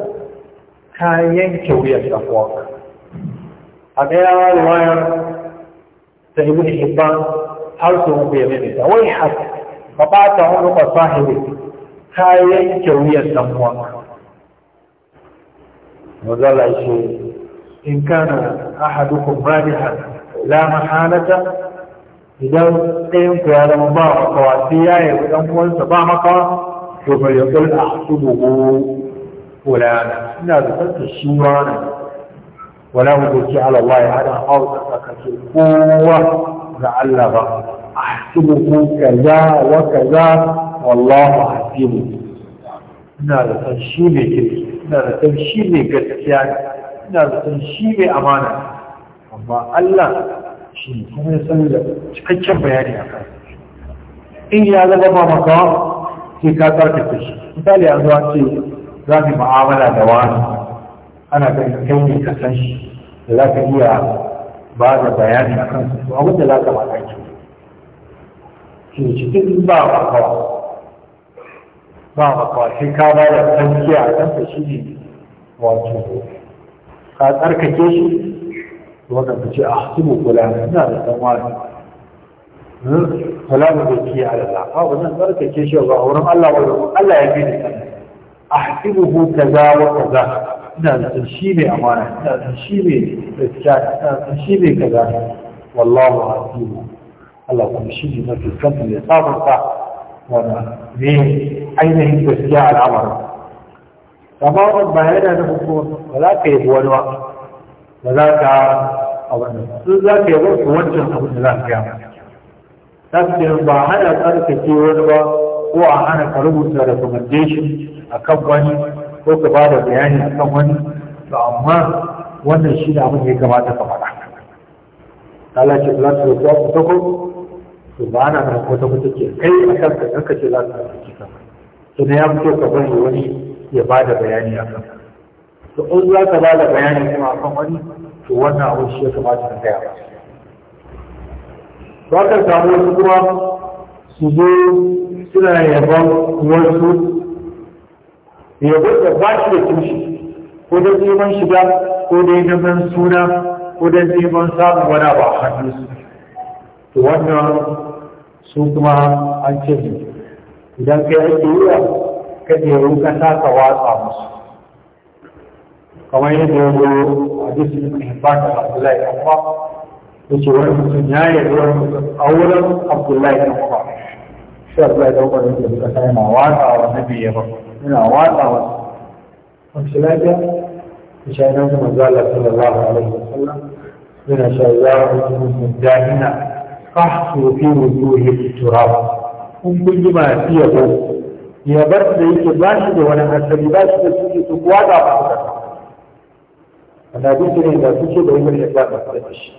ka yanke wuyan safuwa a ɗaya ruwayar ta ibn hibban har su bai mene ta wai har ka ba ta wani fasahibi ka yanke wuyan safuwa وقال شيء إن كان أحدكم مالحا لا محالة إذا قيمت هذا مبارك وعسيا يقول سبامك يقول أحسبه فلانا هذا فلت الشيوان ولا مدرك على الله على أرضك القوة لعلها أحسبه كذا وكذا والله أحسبه هذا فلت الشيوان ina da san shi ne gaskiya ina da san shi ne amana amma Allah shi ne kuma ya san da cikakken bayani a kan in ya zama ba maka sai ka ta shi misali an zuwa ce za mu mu'amala da wani ana ganin kai ne ka san shi da za ka iya ba da bayani a kansu to da za ka ba ka ke cikin ba makawa ba makwashin ka ba da tsakiya a kansa shi ne wato ka tsarkake shi wannan ku ce a ah, hasibu kula ina da ɗan wani hmm? kula da zai kiyaye Allah a wannan tsarkake shi ba wurin Allah ba Allah ya fi da kansa ahsibuhu kaza wa kaza ina da shi ne amana ina da shi ne gaskiya ina da shi ne kaza wallahu asibu Allah kuma shi ne mafi kanta ya sabunta wannan ne ainihin gaskiya al'amarin amma wani ba yana da hukumar ba za ka yi wani ba ba za ka a wannan sun za ka yi wasu wancan abin da za ka yi tasirin ba hana tsarkake wani ba ko a hana ka rubuta recommendation a kan wani ko ka ba da bayani a kan wani to amma wannan shi ne abin da ya kamata ka faɗa Allah ce kula da ku ta ko to ba na da ko ta ke take kai a kanka ka ce za ka kusa kanka sannan ya fito ka bari wani ya ba da bayani a kan to in za ka ba da bayani kuma a kan wani to wannan abu shi ya kamata ka gaya ba ka samu wasu kuma su zo suna yaban wasu yabo da ba shi da tushe ko da neman shiga ko dai neman suna ko da neman samun wani ba a su, to wannan su kuma an ce idan kai ake yi wa kajerun kasa ka watsa musu kamar yadda ya zo a jisun ibn hibban da abdullahi dan uwa ya ce wani mutum ya yi ruwan mutum a wurin abdullahi dan uwa shi abdullahi dan uwa yake da kasa yana watsa wa nabi ya ba yana watsa wa wasu lafiya ya sha yana zama zala sallallahu alaihi wasallam yana sha yawon mutum dahina fahsu fi wujuhi turaba kun kun yi masu yabo yabar da yake ba shi da wani asali ba shi da suke su kuwa da ba su wanda duk ne da suke da wani da ba da shi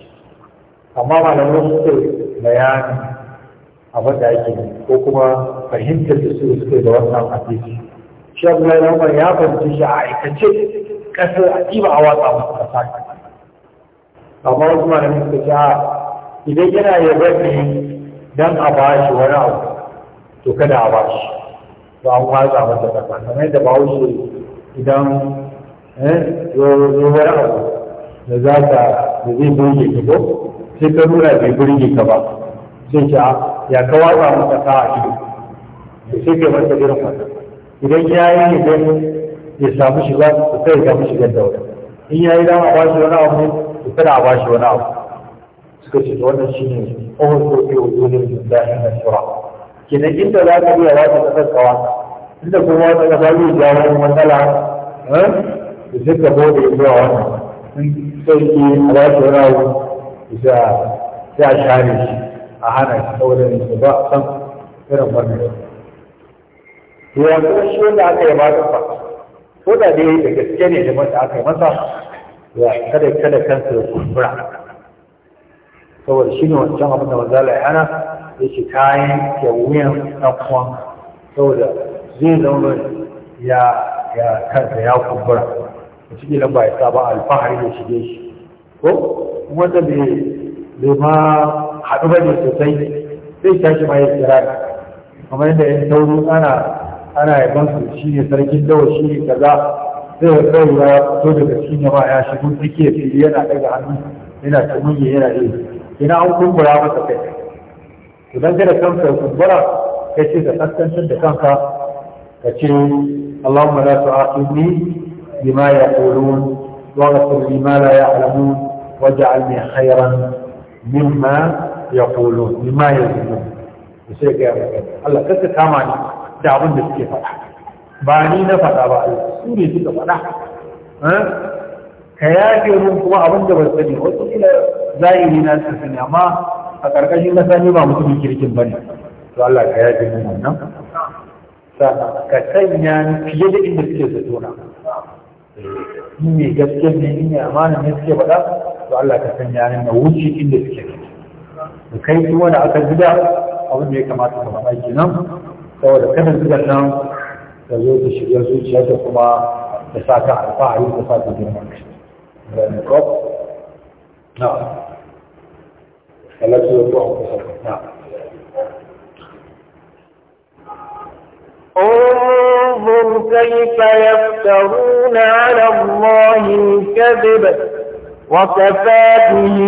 amma malamai suke bayani abin da ake yi ko kuma fahimtar da su suke da wannan hadisi shi ya Umar ya fahimci shi a aikace kasar a ɗiba a watsa masa kasa amma wasu malamai suka ce idan yana yabar ne dan a ba shi wani abu to kada a ba shi to an watsa masa ƙasa kamar yadda ba wuce idan eh, yau wani abu da za ka da zai burge ka ko sai ka nuna bai burge ka ba sai ka ah, ya ka watsa masa ka a ido sai ka masa irin wata idan ya yi ne don ya samu shiga su kai ya samu shigar da wani in ya yi dama ba shi wani abu su kada a ba shi wani abu suka ce wannan shi ne ohun ko ke wajen da ya shi shura kenan inda za ka iya wata kasar kawa inda kuma wata kasa zai ja wani matsala eh, da sai ka bude zuwa wannan in sauki a ba shi wani abu da sai a share shi a hana shi saboda ne ba a san irin wannan to ya kuma shi wanda aka yi ba fa ko da dai da gaske ne da wanda aka yi masa ya kada kada kansa ya kuskura saboda shi ne wancan abin da manzala ya hana ya ce kayan yawuyan ɗan kuma saboda zai zaune ya ya kansa ya kumbura a cikin lamba ya saba alfahari ya shige shi ko wanda bai bai ma haɗu ba ne sosai zai tashi ma ya kira kamar yadda ya tauru ana ana yaban su shi ne sarkin dawa shi ne kaza zai ya kawai ya fito daga cikin jama'a ya shigo tsakiyar fili yana ɗaga hannu yana ta yana iya ina an kumbura masa kai idan da kanka kumbura ka ce ka kaskantar da kanka ka ce Allahumma la tu'aqibni bima yaqulun واغفر لي ma la ya'lamun waj'alni khayran mimma yaqulun bima yaqulun sai ga yawon Allah kasa kama ni da abin da suke faɗa ba ni na faɗa ba su ne suka faɗa ka yafe mun kuma abin da ban sani wasu ila zahiri na su sani amma a ƙarƙashin na sani ba mutumin kirkin ba ne to Allah ka yafe mun wannan ka sanya fiye da inda suke su tona in ne gaske ne in ne amana ne suke faɗa to Allah ka sanya ni na wuce inda suke su kai su da aka gida abin da ya kamata ka faɗa kenan saboda kada zubar nan ta zo ta shiga zuciya da kuma da sa ka alfahari da sa ka girma النقاط نعم التي في التصرف نعم انظر كيف يفترون على الله الكذب وكفى به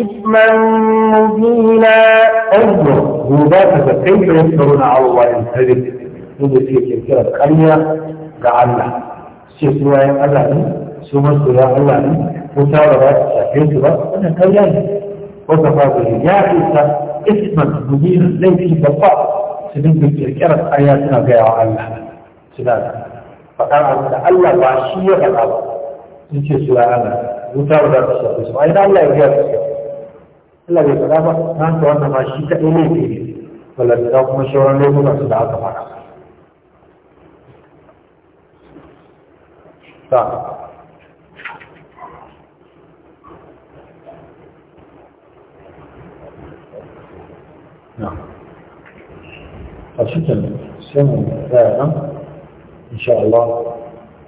إثما مبينا انظر مباشرة كيف يفترون على الله الكذب inda في kirkirar ƙarya جعلنا Allah sai su sunan su ya Allah ne wuta ba za ta shafe su ba wannan kauya ne wata babu ya isa isman mujirin laifi babba su dinga kirkirar aya suna gaya wa Allah suna faɗa abin da Allah ba shi ya faɗa ba sun ce su ya Allah wuta ba za ta shafe su ba idan Allah ya gaya su Allah bai faɗa ba na ta wannan ma shi kaɗai laifi ne balantana kuma sauran laifukan su da aka faɗa. نعم فستم سن فعلا إن شاء الله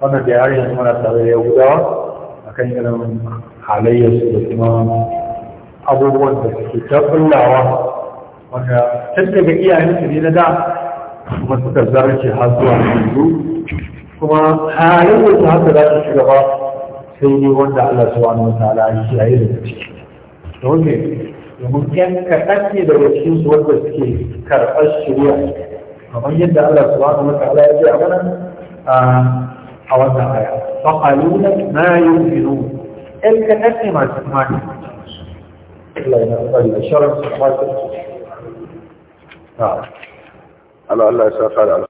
أنا بعالي هنمنا تغير يوجد أكن يلم علي سبتمان أبو بوان بسكتاب الله وانا تلك بقية عين سبينة دا وما تتذر في حاسوا عن مجو وما حالي وصحة لا تشكبا سيدي وانا على سبحانه وتعالى عيش العيد Okay. yan kaɗan ne da wakil su wanda suke karɓar shirya kamar yadda Allah subhanahu wa ta'ala ya ce a wannan a wannan aya fa qaluna ma yu'minu yan kaɗan ne masu imani Allah ya tsare da sharar su ba su Allah Allah ya sa ka da